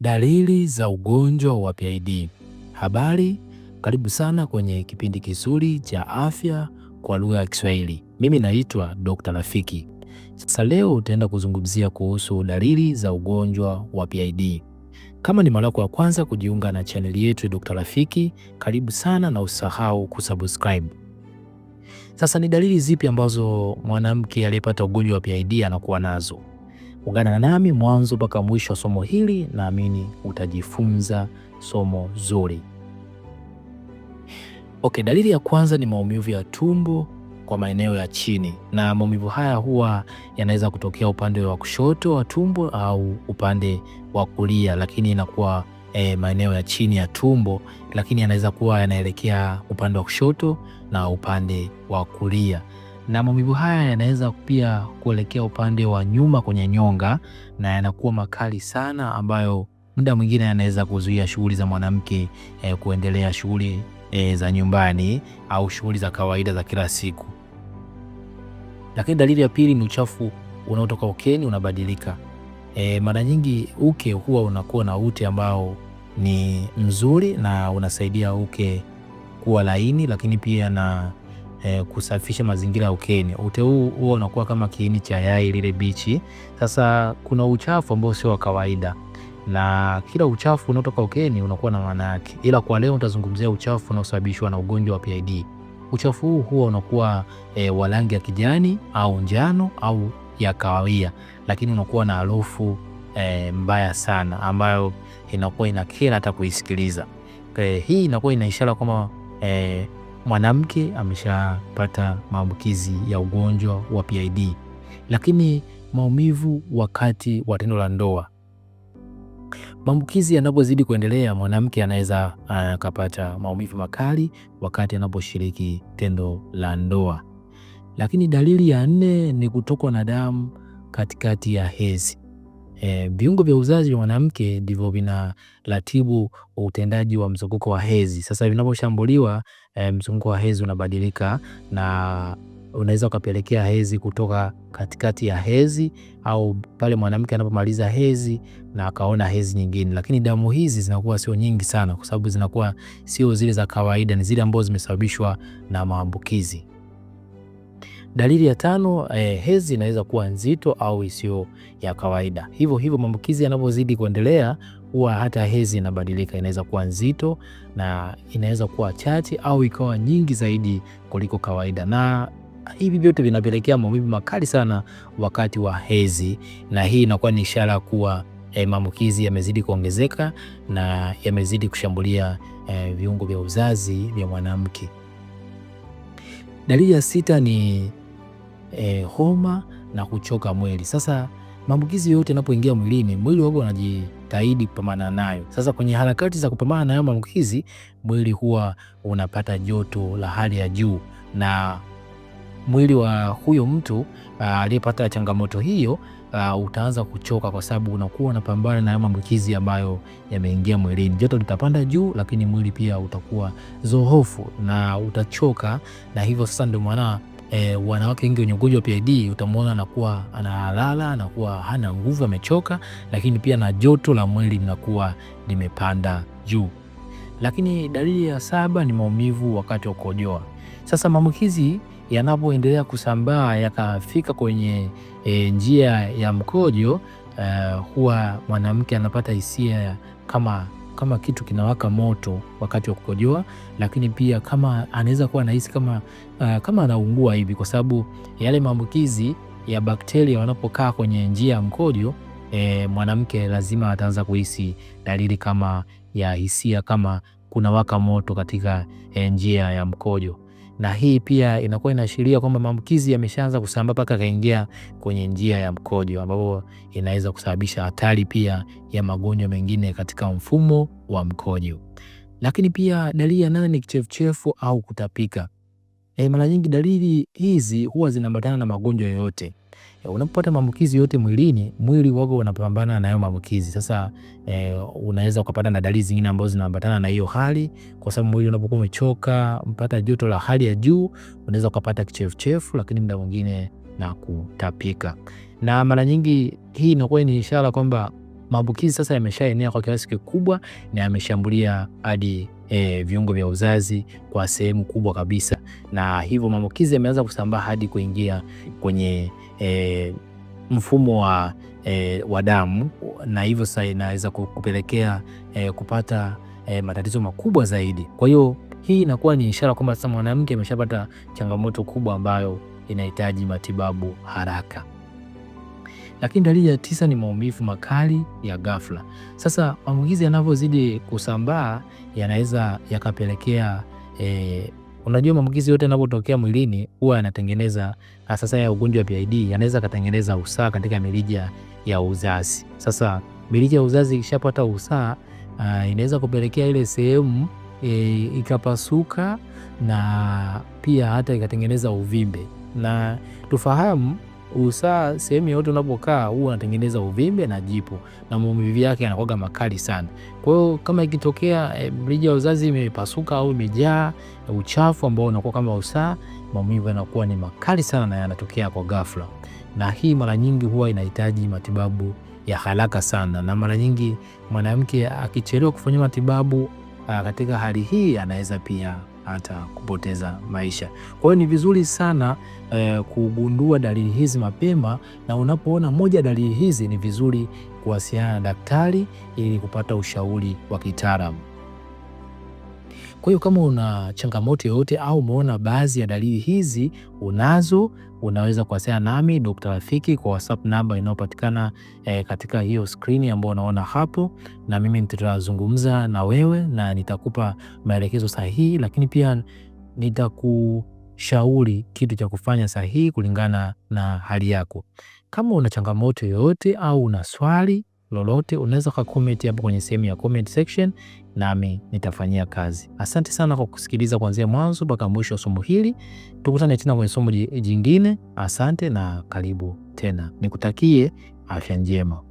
Dalili za ugonjwa wa PID. Habari, karibu sana kwenye kipindi kizuri cha afya kwa lugha ya Kiswahili. Mimi naitwa Dr. Rafiki. Sasa leo utaenda kuzungumzia kuhusu dalili za ugonjwa wa PID. Kama ni mara yako ya kwanza kujiunga na chaneli yetu ya Dr. Rafiki, karibu sana na usahau kusubscribe. Sasa ni dalili zipi ambazo mwanamke aliyepata ugonjwa wa PID anakuwa nazo? Ungana nami mwanzo mpaka mwisho wa somo hili, naamini utajifunza somo zuri. Okay, dalili ya kwanza ni maumivu ya tumbo kwa maeneo ya chini, na maumivu haya huwa yanaweza kutokea upande wa kushoto wa tumbo au upande wa kulia, lakini inakuwa e, maeneo ya chini ya tumbo, lakini yanaweza kuwa yanaelekea upande wa kushoto na upande wa kulia na maumivu haya yanaweza pia kuelekea upande wa nyuma kwenye nyonga na yanakuwa makali sana, ambayo muda mwingine yanaweza kuzuia shughuli za mwanamke eh, kuendelea shughuli eh, za nyumbani au shughuli za kawaida za kila siku. Lakini dalili ya pili ni uchafu unaotoka ukeni unabadilika. E, mara nyingi uke huwa unakuwa na ute ambao ni mzuri na unasaidia uke kuwa laini, lakini pia na eh, kusafisha mazingira ya ukeni. Ute huu huwa unakuwa kama kiini cha yai lile bichi. Sasa kuna uchafu ambao sio wa kawaida na kila uchafu unaotoka ukeni unakuwa na maana yake, ila kwa leo utazungumzia uchafu unaosababishwa na ugonjwa wa PID. Uchafu huu huwa unakuwa e, wa rangi ya kijani au njano au ya kahawia, lakini unakuwa na harufu e, mbaya sana ambayo inakuwa inakera hata kuisikiliza. E, hii inakuwa ina ishara kwamba e, mwanamke ameshapata maambukizi ya ugonjwa wa PID, lakini maumivu wakati wa tendo la ndoa, maambukizi yanapozidi kuendelea, mwanamke anaweza ah, akapata maumivu makali wakati anaposhiriki tendo la ndoa. Lakini dalili ya nne ni kutokwa na damu katikati ya hezi. Eh, viungo vya uzazi vya mwanamke ndivyo vinaratibu utendaji wa mzunguko wa hezi Sasa vinaposhambuliwa e, eh, mzunguko wa hezi unabadilika na unaweza ukapelekea hezi kutoka katikati ya hezi au pale mwanamke anapomaliza hezi na akaona hezi nyingine, lakini damu hizi zinakuwa sio nyingi sana, kwa sababu zinakuwa sio zile za kawaida, ni zile ambazo zimesababishwa na maambukizi. Dalili ya tano, eh, hedhi inaweza kuwa nzito au isiyo ya kawaida. Hivyo hivyo maambukizi yanavyozidi kuendelea huwa hata hedhi inabadilika, inaweza kuwa nzito na inaweza kuwa chache au ikawa nyingi zaidi kuliko kawaida, na hivi vyote vinapelekea maumivu makali sana wakati wa hedhi, na hii inakuwa ni ishara kuwa eh, maambukizi yamezidi kuongezeka na yamezidi kushambulia eh, viungo vya uzazi vya mwanamke. Dalili ya sita ni e, homa na kuchoka mwili. Sasa maambukizi yote yanapoingia mwilini, mwili wako unajitahidi kupambana nayo. Sasa kwenye harakati za kupambana nayo maambukizi, mwili huwa unapata joto la hali ya juu, na mwili wa huyo mtu ah, aliyepata changamoto hiyo uh, utaanza kuchoka kwa sababu unakuwa unapambana na maambukizi ambayo yameingia mwilini. Joto litapanda juu, lakini mwili pia utakuwa zohofu na utachoka, na hivyo sasa ndio maana E, wanawake wengi wenye ugonjwa wa PID utamwona anakuwa analala, anakuwa hana nguvu, amechoka, lakini pia na joto la mwili linakuwa limepanda juu. Lakini dalili ya saba ni maumivu wakati wa kukojoa. Sasa maambukizi yanapoendelea kusambaa yakafika kwenye e, njia ya mkojo uh, huwa mwanamke anapata hisia kama kama kitu kinawaka moto wakati wa kukojoa, lakini pia kama anaweza kuwa anahisi kama uh, kama anaungua hivi, kwa sababu yale maambukizi ya bakteria wanapokaa kwenye njia ya mkojo e, mwanamke lazima ataanza kuhisi dalili kama ya hisia kama kuna waka moto katika e, njia ya mkojo na hii pia inakuwa inaashiria kwamba maambukizi yameshaanza kusambaa mpaka akaingia kwenye njia ya mkojo, ambapo inaweza kusababisha hatari pia ya magonjwa mengine katika mfumo wa mkojo. Lakini pia dalili ya nane ni kichefuchefu au kutapika. E, mara nyingi dalili hizi huwa zinaambatana na magonjwa yoyote Eh, unapopata maambukizi yote mwilini, mwili wako unapambana na hayo maambukizi. Sasa e, unaweza ukapata na dalili zingine ambazo zinaambatana na hiyo hali, kwa sababu mwili unapokuwa umechoka, mpata joto la hali ya juu, unaweza ukapata kichefuchefu, lakini muda mwingine na kutapika, na mara nyingi hii inakuwa ni ishara kwamba maambukizi sasa yameshaenea kwa kiasi kikubwa na yameshambulia hadi e, viungo vya uzazi kwa sehemu kubwa kabisa na hivyo maambukizi yameanza kusambaa hadi kuingia kwenye e, mfumo wa, e, wa damu na hivyo sasa inaweza kupelekea e, kupata e, matatizo makubwa zaidi. Kwa hiyo hii inakuwa ni ishara kwamba sasa mwanamke ameshapata changamoto kubwa ambayo inahitaji matibabu haraka. Lakini dalili ya tisa ni maumivu makali ya ghafla. Sasa maambukizi yanavyozidi kusambaa yanaweza yakapelekea e, Unajua maambukizi yote yanapotokea mwilini huwa yanatengeneza sasa, ya ugonjwa wa PID yanaweza katengeneza usaha katika mirija ya uzazi. Sasa mirija ya uzazi ikishapata usaha uh, ah, inaweza kupelekea ile sehemu e, ikapasuka na pia hata ikatengeneza uvimbe, na tufahamu usaa sehemu yote unapokaa huwa unatengeneza uvimbe na jipu na maumivu yake yanakuwa makali sana. Kwa hiyo kama ikitokea e, mrija wa uzazi imepasuka au imejaa e, uchafu ambao unakuwa kama usaa, maumivu yanakuwa ni makali sana na yanatokea kwa ghafla, na hii mara nyingi huwa inahitaji matibabu ya haraka sana, na mara nyingi mwanamke akichelewa kufanya matibabu a, ah, katika hali hii anaweza pia hata kupoteza maisha. Kwa hiyo ni vizuri sana eh, kugundua dalili hizi mapema, na unapoona moja dalili hizi ni vizuri kuwasiliana na daktari ili kupata ushauri wa kitaalamu. Kwa hiyo kama una changamoto yoyote au umeona baadhi ya dalili hizi unazo, unaweza kuwasiliana nami Dr. Rafiki kwa WhatsApp namba inayopatikana e, katika hiyo skrini ambayo unaona hapo, na mimi nitazungumza na wewe na nitakupa maelekezo sahihi, lakini pia nitakushauri kitu cha kufanya sahihi kulingana na hali yako. Kama una changamoto yoyote au una swali lolote unaweza ka comment hapo kwenye sehemu ya comment section, nami nitafanyia kazi. Asante sana kwa kusikiliza kuanzia mwanzo mpaka mwisho wa somo hili. Tukutane tena kwenye somo jingine. Asante na karibu tena, nikutakie afya njema.